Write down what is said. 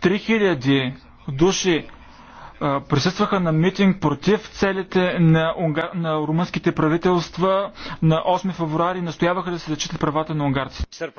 3000 души присъстваха на митинг против целите на, унгар... на румънските правителства на 8 февруари и настояваха да се зачитат правата на унгарците.